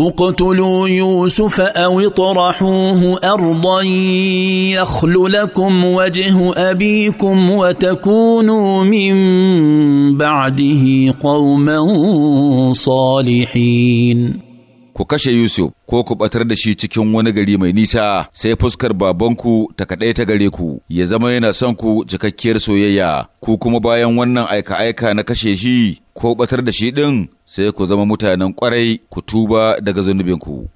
اقتلوا يوسف او اطرحوه ارضا يخل لكم وجه ابيكم وتكونوا من بعده قوما صالحين ku kashe Yusuf ko ku batar da shi cikin wani gari mai nisa sai fuskar babanku ta kaɗai ta gare ku ya zama yana son ku cikakkiyar soyayya ku kuma bayan wannan aika-aika na kashe shi ko batar da shi ɗin sai ku zama mutanen ƙwarai ku tuba daga zunubinku.